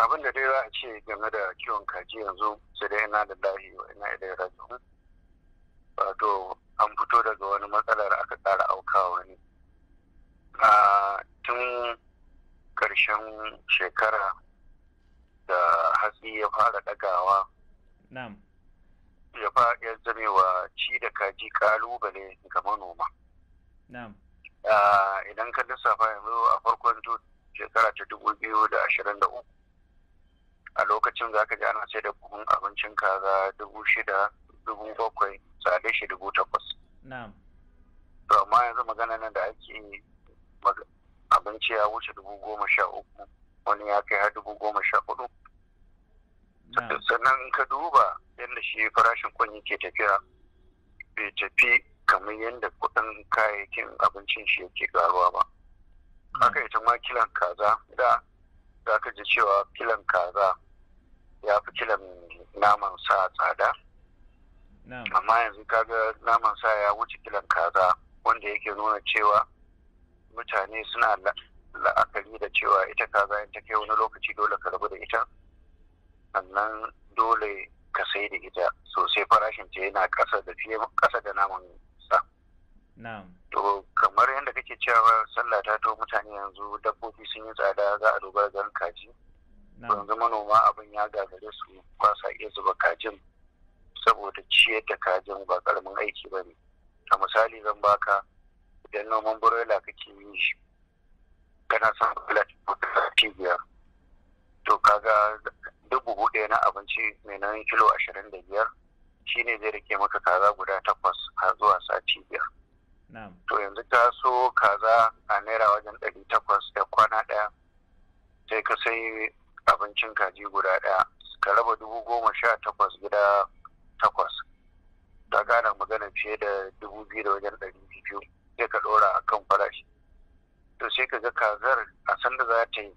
abin da dai za a ce game da kiwon kaji yanzu su dai yana da lahi wa ina ya rajo wato an fito daga wani matsalar aka ƙara auka wani tun ƙarshen shekara da hatsi ya fara ɗagawa ya fa ya zame wa ci da kaji kalubale ga manoma idan ka lissafa yanzu a farkon shekara ta dubu biyu da ashirin da uku a lokacin za ka ji ana sai da buhun abincin kaza dubu shida dubu bakwai tsade shi dubu takwas. To amma yanzu magana nan da ake yi abinci ya wuce dubu goma sha uku wani ya kai har dubu goma sha hudu. Sannan ka duba yadda shi farashin kwan ke tafiya bai tafi kamar yadda kuɗin kayayyakin abincin shi yake karuwa ba. Haka ita ma kilan kaza da za ka ji cewa kilan kaza ya fi kilan naman sa tsada amma yanzu kaga naman sa ya wuce kilan kaza wanda yake nuna cewa mutane suna la'akari da cewa ita kaza in ta kai wani lokaci dole ka rabu da ita sannan dole ka sai da ita sosai farashin ta yana kasa da fiye ƙasa da naman to kamar yadda kake cewa sallah ta to mutane yanzu dabbobi sun yi tsada za a duba garin kaji yanzu manoma abin ya gagare su ba sa iya zuba kajin saboda ciyar da kajin ba karamin aiki ba ne a misali zan baka idan noman broiler kake yi shi kana son broiler to kaga duk buhu na abinci mai nauyin kilo ashirin da biyar shine zai rike maka kaza guda takwas har zuwa sati biyar to yanzu ta so kaza a naira wajen ɗari takwas da kwana ɗaya sai ka sai abincin kaji guda ɗaya ka raba dubu goma sha takwas gida takwas ta gane magana fiye da dubu biyu da wajen ɗari biyu sai ka ɗora a kan farashi to sai ka ga kazar a sanda za ta yi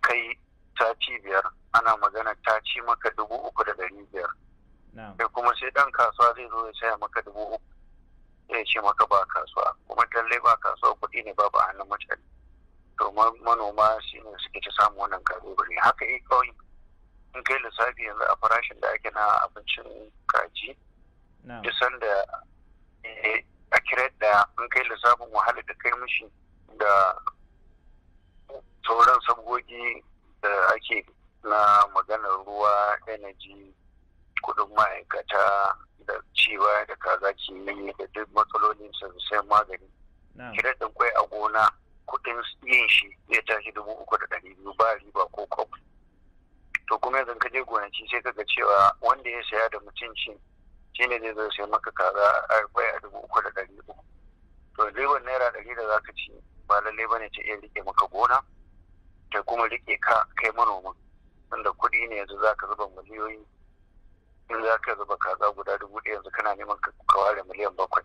kai sati biyar ana magana ta ci maka dubu uku da ɗari biyar sai kuma sai ɗan kasuwa zai zo ya saya maka dubu uku ya ce maka ba kasuwa kuma talle ba kasuwa kuɗi ne babu a hannun mutane to manoma shi ne suke ci samu wannan kalubale haka yi eh kawai in kai lissafi yanzu a farashin da ake na abincin kaji duk sanda eh, a kira da in kai lissafin wahala da kai mishi da sauran sabgogi da ake na maganar ruwa energy kuɗin ma'aikata da cewa da kaza ke da duk matsalolin sai magani kiran da kwai a gona kuɗin yin shi ya tashi dubu uku da ɗari biyu ba riba ko kwab to kuma yanzu ka je gonaki sai kaga cewa wanda ya saya da mutunci shi ne zai zo sai maka kaza a kwai a dubu uku da ɗari uku to ribar naira ɗari da zaka ci ba lallai ba ne ta iya riƙe maka gona ta kuma rike ka kai manomin wanda kuɗi ne yanzu za zuba miliyoyi in za ka zuba kaza guda dubu ɗaya yanzu kana neman ka ware miliyan bakwai.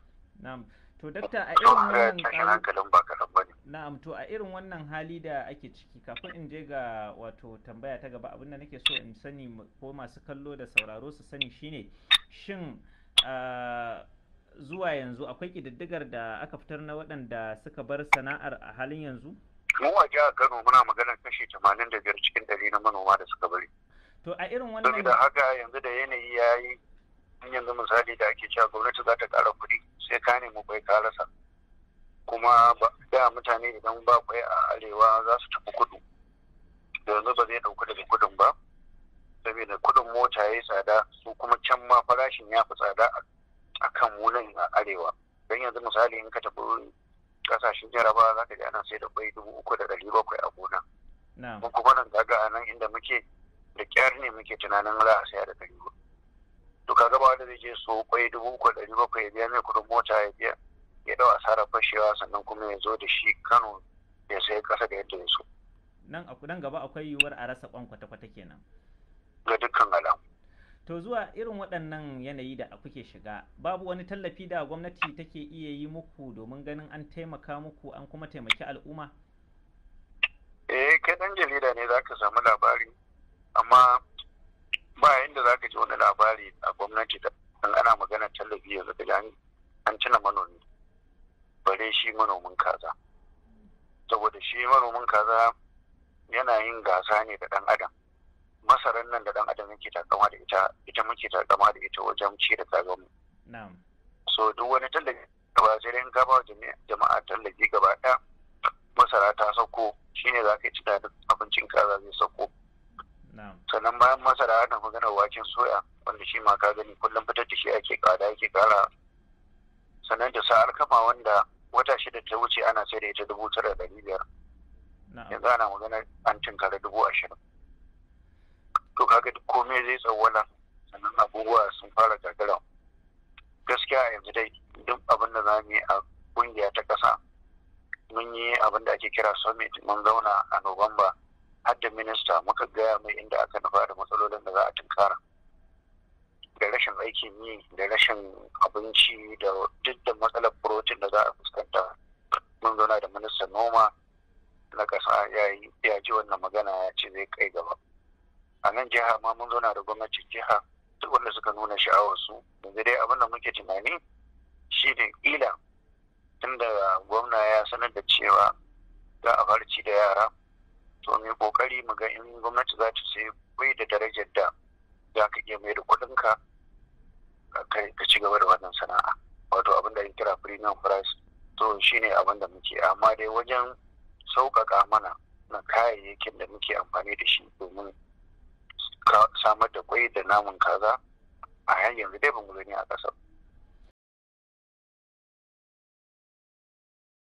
To dakta a irin wannan hali Na'am to a irin wannan hali da ake ciki kafin in je ga wato tambaya ta gaba abin da nake so in sani ko masu kallo da sauraro su sani shine shin zuwa yanzu akwai kididdigar da aka fitar na waɗanda suka bar sana'ar a halin yanzu? Mu a jihar Kano muna maganar kashi 85 cikin ɗari na manoma da suka bari. To a irin wannan saboda haka yanzu da yanayi ya yi yanzu misali da ake cewa gwamnati za ta ƙara kuɗi sai ka nemi kwai ka kuma da mutane idan ba kwai a arewa za su tafi kudu yanzu ba zai ɗauki daga kudin ba saboda kudin mota ya yi tsada su kuma can ma farashin ya fi tsada a kan wunan a arewa don yanzu misali in ka tafi kasashen jaraba za ka ji ana sai da kwai dubu uku da ɗari bakwai a gona. Mun kuma nan gaga a nan inda muke da kyar ne muke tunanin za a da ɗari hudu to gaba ba da zai je so kwai dubu uku ɗari bakwai ya biya mai kuɗin mota ya biya ya ɗau asara fashewa sannan kuma ya zo da shi kano ya sayi ƙasa da yadda ya so. nan gaba akwai yiwuwar a rasa kwan kwata-kwata kenan. ga dukkan alamu. to zuwa irin waɗannan yanayi da kuke shiga babu wani tallafi da gwamnati take iya yi muku domin ganin an taimaka muku an kuma taimaki al'umma eh kai ɗan jarida ne za ka samu labari amma ba yadda za ka ji wani labari a gwamnati da ana magana tallafi yanzu ka an cina manomi bare shi manomin kaza saboda shi manomin kaza yana yin gasa ne da dan adam masaran nan da dan adam yake takama da ita ita muke takama da ita wajen ci da kaza mu so duk wani tallafi gaba sai dai gaba jama'a tallafi gaba ɗaya masara ta sauko shine za ka ci da abincin kaza zai sauko sannan bayan masara ana maganar waken soya wanda shi ma ka gani kullum fitar da shi ake kada ake kara sannan da sa'ar kama wanda wata shida ta wuce ana sai da ita dubu tara da ɗari biyar yanzu ana maganar an tinkara dubu ashirin to kaga komai zai tsawwala sannan abubuwa sun fara gagara gaskiya a yanzu dai duk abin da za mu yi a kungiya ta ƙasa mun yi abin da ake kira summit mun zauna a nuwamba har minista muka gaya mai inda aka nufa da matsalolin da za a tunkara da rashin aikin yi da rashin abinci da duk da matsalar protein da za a fuskanta mun zauna da minista noma na ƙasa ya ji wannan magana ya ce zai kai gaba a nan jiha ma mun zauna da gwamnatin jiha duk wanda suka nuna sha'awar su yanzu dai abin da muke tunani shi ne ila tunda gwamna ya sanar da cewa za a farci da yara to mai kokari mu ga in gwamnati za ta ce bai da darajar da za ka iya mai da kuɗinka ka ci gaba da wannan sana'a wato abin da kira premium price to shine abin da muke amma dai wajen sauƙaƙa mana na kayayyakin da muke amfani da shi domin samar da kwai da namun kaza a yanzu dai ba mu gani a ƙasar